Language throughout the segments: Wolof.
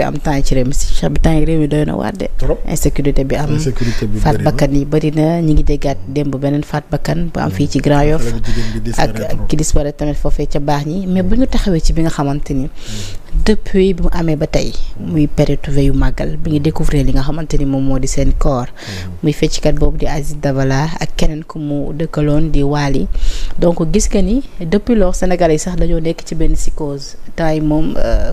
bi am temps ci réew mi si bi temps yi réew mi doy na waar de. trop insécurité bi am. faat bakkan yi bëri na ngi déggaat démb beneen faat bakkan bu am fii ci Grand Yoff ak ki disparaître tamit foofee ca baax ñi mais bu ñu taxawee ci bi nga xamante ni. Hmm. depuis bi mu amee ba tey muy période yu màggal bi ngi découvrir li nga xamante ni moom moo di seen corps hmm. muy fecckat boobu di Aziz Dabala ak keneen ku mu dëkkaloon di Waly donc gis nga ni depuis lors Sénégalais yi sax dañoo ci benn psychose temps yi moom euh,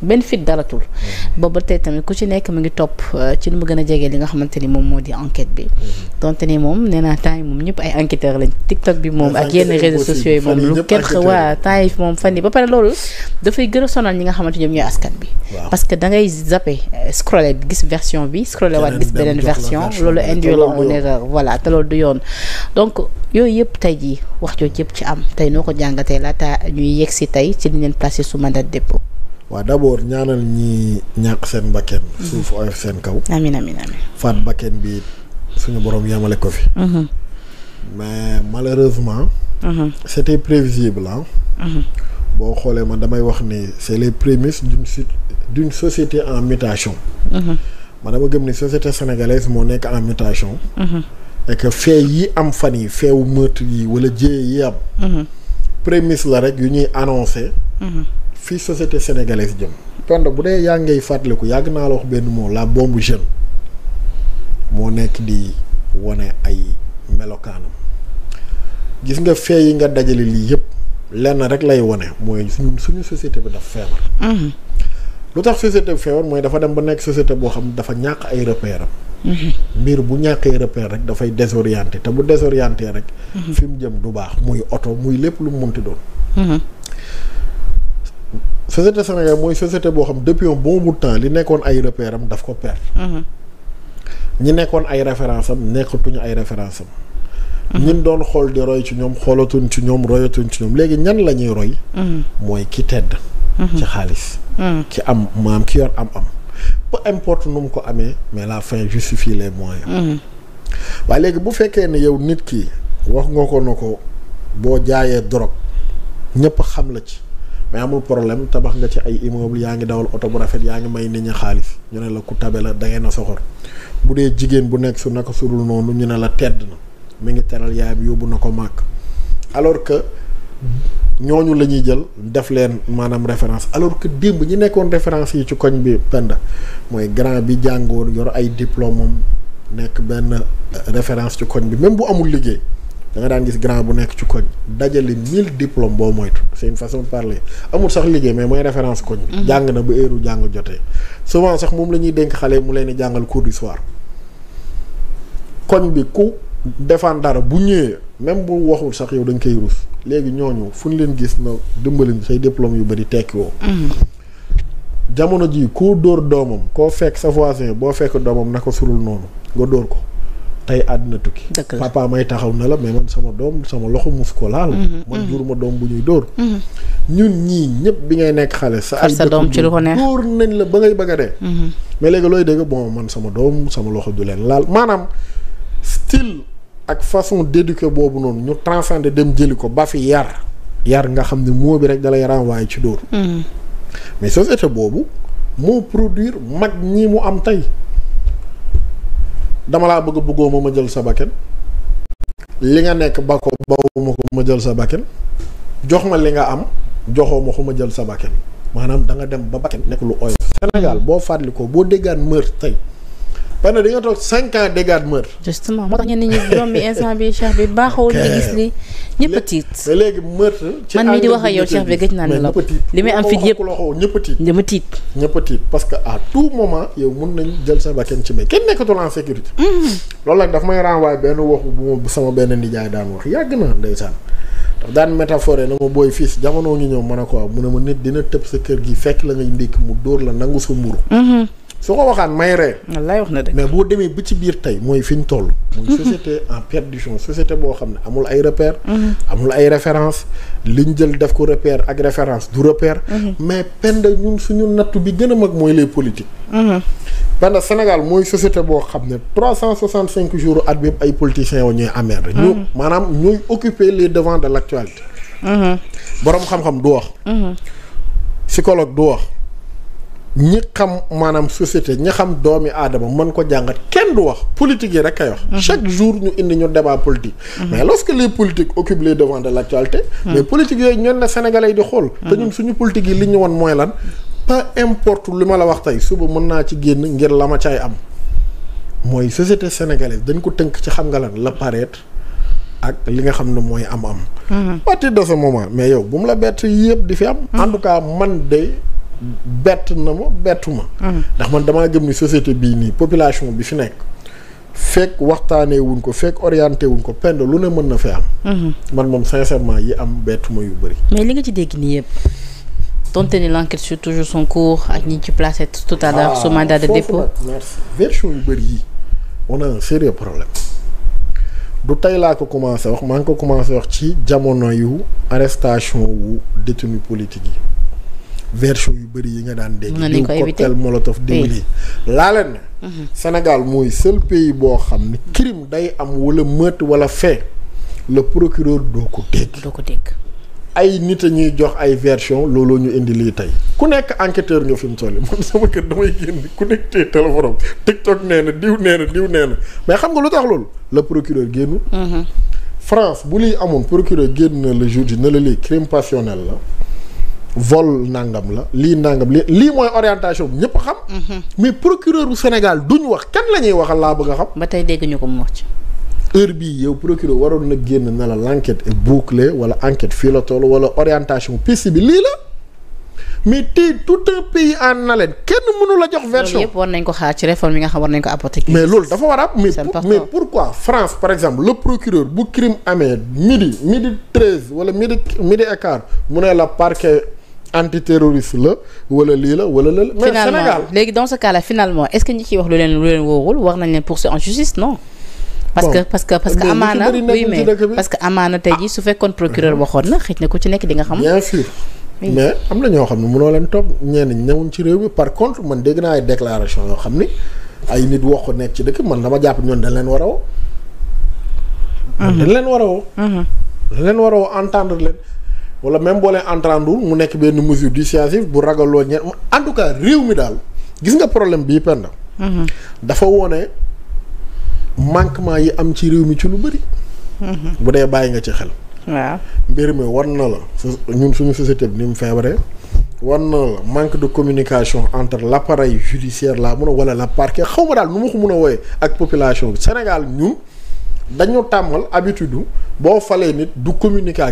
benn fit dalatul mm-hmm. booba tey tamit ku ci nekk mu ngi topp euh, ci lu mu gën a jege li nga xamante ni moom moo di enquête bi mm-hmm. donte ni moom nee naa temps yi moom ñëpp ay enquêteur lañ tiktok bi moom ak yenn réseaux sociaux yi moom lu ba pare loolu dafay gën sonal ñi nga xamante ñoom ñooy askan bi parce que da ngay zappe euh, scroller gis version bi scroller waat gis beneen version loolu induire la en erreur voilà te loolu du yoon donc yooyu yëpp tey jii wax jooju yëpp ci am tey noo ko jàngatee laata ñuy yegg si tey ci li leen placé sous mandat de dépôt waaw d'abord ñaanal ñi ñàkk seen bakken mhm. suuf oyof seen kaw. amiin amiin amiin faat bakken bi suñu borom yemale ko fi. Mhm. mais malheureusement. Mhm. c'était prévisible ah. boo xoolee man damay wax ni c'est les prémices d'une d'une société en mutation. man dama gëm ni société sénégalaise moo nekk en mutation. et que yi am fan yi feewu meurtre yi wala jéey yi am. prémisse la rek yu ñuy annoncé. fii société sénégalaise jëm penda bu dee yaa ngay ku yàgg naa la wax benn moo la bombe jeune moo nekk di wone ay melokaanam gis nga fee nga dajale lii yëpp lenn rek lay wane mooy suñu suñu société bi daf feebar mhm. lu tax société bi feebar mooy dafa dem ba nekk société boo xam ne dafa ñàkk ay repère mhm. mbir bu ñàkkee repère rek dafay désorienté te bu désorienté rek mhm. fi mu jëm du baax muy oto muy lépp lu mu munti doon société Sénégal mooy société boo xam depuis un bon bout temps li nekkoon ay repère am daf ko perdre. Mhm. ñi nekkoon ay référence am nekkatuñu ay référence am. Mhm. ñun xool di roy ci ñoom xoolatuñ ci ñoom royatuñ ci ñoom léegi ñan la ñuy roy. Mhm. mooy ki tedd. ci xaalis. ki am maam ki yor am am. peu importe nu mu ko amee mais la fin justifie les moyens. waaye léegi bu fekkee ne yow nit ki wax nga ko na ko boo jaayee drogue ñëpp xam la ci. mais amul problème tabax nga ci ay immeuble yaa ngi dawal oto bu rafet yaa ngi may nit ñi xaalis ñu ne la ku tabe la da ngeen a soxor bu dee jigéen bu nekk su naka sudul noonu ñu ne la tedd na mi ngi teral yaayam yóbbu na ko màkk alors que ñooñu la ñuy jël def leen maanaam référence alors que démb ñi nekkoon référence yi ci koñ bi pend mooy grand bi jàngoon yor ay diplôme am nekk benn référence ci koñ bi même bu amul liggéey da daan gis grand bu nekk ci koñ dajale mille diplôme boo moytu c'est une façon de parler amul sax liggéey mais mooy référence koñ bi mhm. jàng na ba heure jàng jotee souvent sax moom la ñuy dénk xale mu leen di jàngal cours du soir koñ bi ku defaan dara bu ñëwee même bu waxul sax yow dañ koy ruus léegi ñooñu fu ñu leen gis na dimbalin say diplôme yu bëri tekki woo mhm. jamono ji koo dóor doomam koo fekk sa voisin boo fekk doomam na ko surul noonu nga dóor ko tey àddina tukki papa may taxaw na la mais man sama doom sama loxo muf ko laal mhm. man mhm. jur ma doom bu ñuy dóor mhm. ñun ñii ñëpp bi ngay nekk xale sa ay doom ci lu ko neex dóor nañ la ba ngay bëgg a dee mais léegi looy dégg bon man sama doom sama loxo du leen laal maanaam style ak façon d'éduquer boobu noonu ñu transcender dem jëli ko ba fi yar yar nga xam ne moo bi rek dalay renvoyer ci dóor mais société boobu moo produire mag ñi mu am tey dama laa bëgg bëggoo ma ma jël sa bakken li nga nekk ba ko bawu ma ko ma jël sa bakken jox ma li nga am joxoo ma ko ma jël sa bakken maanaam da nga dem ba bakken nekk lu oyof Sénégal boo fàttalikoo boo déggaan meurtre tey parce que di nga toog cinq ans dégâts de meurtre. justement moo tax ñenn ñi doom bi instant bi cheikh bi baaxawul di gis li ñëpp a tiit. te léegi meurtre. ci man mii di wax ak yow cheikh bi gëj naa ne la li may am fit yëpp ñëpp a tiit ñëpp a tiit. ñëpp a tiit parce que moment yow mun nañ jël sa bakkan ci mais kenn nekkatul en sécurité. Mm-hmm. loolu nag daf may renvoyer benn waxu bu ma sama benn nijaay daan wax yàgg na ndeysaan. daf daan métaphore na ma booy fii jamono ngi ñëw mën a ko mu ne ma nit dina tëb sa kër gi fekk la nga ndékki mu dóor la nangu sa mburu mm-hmm. su ko waxaan may ree wallaay wax na dëgg mais boo demee ba ci biir tey mooy fi ñu toll muy mhm. société en perdition société boo xam ne amul ay repère mhm. amul ay référence li ñu jël def ko repère ak référence du repère mhm. mais pend ñun suñu nattu bi gën a mag mooy les politiques pend Sénégal mooy société boo xam ne trois cent soixante cinq jours at bi ay politiciens yoo ñuy amer ñu maanaam ñooy occuper les devants de l' actualité boroom xam-xam du wax psychologue du wax ñi xam maanaam société ñi xam doomi aadama mën ko jàngat kenn du wax politique yi rek kay wax. Mhm. chaque jour ñu indi ñu débat politique. Mhm. mais lorsque les politiques occupent les devants de l' mhm. mais politique yooyu ñoon na Sénégalais yi di xool. te ñun suñu politique yi li ñu woon mooy lan peu importe li ma la wax tey suba mën naa ci génn ngir la ma caay am mooy société sénégalaise dañ ko tënk ci xam nga lan la paraître. ak li nga xam ne mooy am-am. à partir moment mais yow bu mu la bett yëpp di am. en tout cas man bett na ma bettu ma. Mm-hmm. ndax man damaa gëm ni société bii nii population bi fi nekk. fekk waxtaanee wuñ ko fekk orienté wuñ ko pend lu ne mën na fee am. Mm-hmm. man moom sincèrement yi am bettuma yu bëri. mais li nga ci dégg nii yëpp donte ni l'enquête suit toujours son cours ak ñi ci placé tout à l'heure ah, sous mandat de dépôt. merci version yu bëri yi on a un sérieux problème du tey laa ko commencé wax maa ngi ko commencé wax ci jamono yu arrestation wu détenu politique yi. version yu bëri yi nga daan dégg. diw cocktail molotov diw lii laa leen ne mhm. Sénégal mooy seul pays boo xam ne crime day am wala meurtre wala fait le procureur doo ko dégg. ko dégg. ay nit a ñuy jox ay version looloo ñu indi lii tey ku nekk enquêteur nga fi mu toll man sama kër damay génn ku nekk tey TikTok nee na diw nee na diw nee na mais xam nga lu tax loolu le procureur génn. Mhm. France bu liy amoon procureur génn na le jour ji ne la lii crime passionnel la. vol nangam la lii nangam li lii mooy orientation bi ñëpp xam. Mhm. mais procureur bu Sénégal duñ wax kan la ñuy waxal laa bëgg a xam. ba tey dégg ñu ko mu wax ci. heure bii yow procureur waroon na génn na la l' enquête est bouclée wala fii la toll wala orientation piste bi lii la. mais tey tout un pays en haleine kenn mënu la jox version loolu ko xaar ci yi nga xam war nañ ko apporter. mais loolu dafa war a mais pourquoi France par exemple le procureur bu crime amee midi midi treize wala midi midi et quart antiterroriste la wala lii la wala la. mais Sénégal léegi dans ce cas là finalement est ce que ñi ciy wax lu leen lu leen wóorul war nañ leen poursuivre en justice non. parce que parce que parce que amaana oui mais parce que amaana tey jii su fekkoon procureur ah. waxoon na xëj na ku ci nekk di nga xam. bien sûr mais am na ñoo xam ne mënoo leen topp ñenn ñi ñëwuñ ci réew mi par contre man dégg naa ay déclaration yoo xam ni ay nit wax nekk ci dëkk man dama jàpp ñoon dañ leen war a woo. Mhm. dañ war a woo. Mhm. dañ leen war wala même boo leen entendre mu nekk benn mesure dissuasive bu ragaloo ñeent en tout réew mi daal gis nga problème bii pend mhm. dafa woone manquement yi am ci réew mi ci lu bëri. Mhm. bu dee bàyyi nga ci xel. waaw mbir mi war na la ñun suñu société bi ni mu feebaree. war na la manque de communication entre l' appareil judiciaire laa mun a wala la parquet xaw ma daal nu ma ko mun a wooyee ak population bi Sénégal ñun dañu tàmmal habitude boo falee nit du communiquer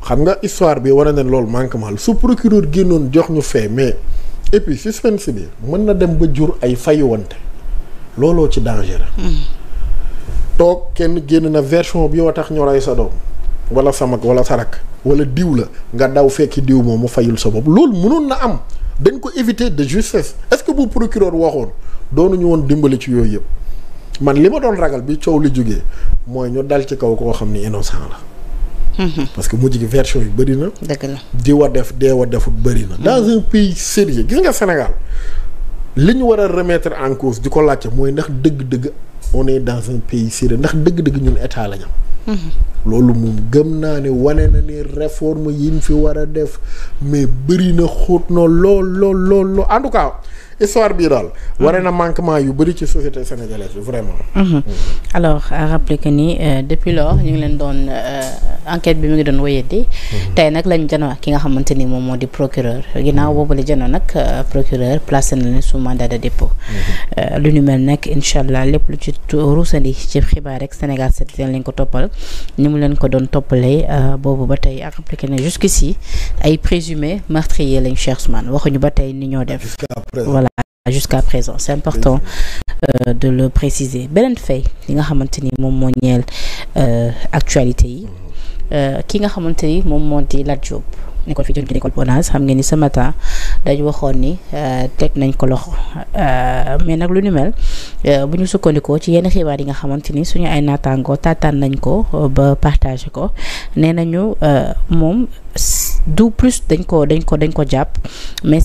xam nga histoire bi wane na loolu manquement su procureur génnoon jox ñu fee mais et puis suspense mën na dem ba jur ay fayuwante looloo ci danger. toog kenn génn na version bi yoo tax ñu rey sa doom wala sa mag wala sa rakk wala diw la nga daw fekki diw moom mu fayul sa bopp loolu mënoon na am dañ ko éviter de justesse est-ce que bu procureur waxoon doonuñu woon dimbali ci yooyu yëpp man li ma doon ragal bi coow li jógee mooy ñu dal ci kaw koo xam ni innocent la. Mhm. parce que mujj gi version yu bëri na. dëgg la di def dee wa bëri na. dans mhm. un pays sérieux gis nga Sénégal li ñu war a remettre en cause di ko laajte mooy ndax dëgg-dëgg on est dans un pays sérieux ndax dëgg-dëgg ñun état la loolu moom gëm naa ne wane na ni réforme yi fi war a def mais bëri na xóot na lool lool lool lool en tout cas histoire bii daal. wane na manquement yu bëri ci société sénégalaise bi vraiment. Mhm. Mm. alors à rappeler que ni euh, depuis lors ñu ngi leen doon euh, enquête bi mu ngi doon wéyati. Mhm. tey nag lañ janoo ki nga xamante ni moom moo di procureur ginaaw mhm. boobu la janoo nag euh, procureur placé na leen sous mandat de dépôt. lu ñu mel nekk incha allah lépp lu ci ruusandi ci xibaar rek Sénégal seet leen ko toppal. mu leen ko doon toppalee euh, boobu ba tey ak appliqué na jusqu'ici ay présumé meurtrier lañ Cheikh Ousmane waxuñu ba tey ni ñoo def voilà jusqu'à présent c'est important euh, de le préciser beneen fay li nga xamante ni moom moo ñeel euh, actualité yi ki nga xamante ni moom moo di Lat Diop nekkoon fi jël école Bonas xam ngeen ni ce matin dañ waxoon ni euh, teg nañ ko loxo euh, mais nag lu ni mel euh, bu ñu sukkandikoo ci yenn xibaar yi nga xamante ni suñu ay naataangoo taataan nañ ko ba partage ko nee nañu moom du plus dañ ko dañ ko dañ ko jàpp mais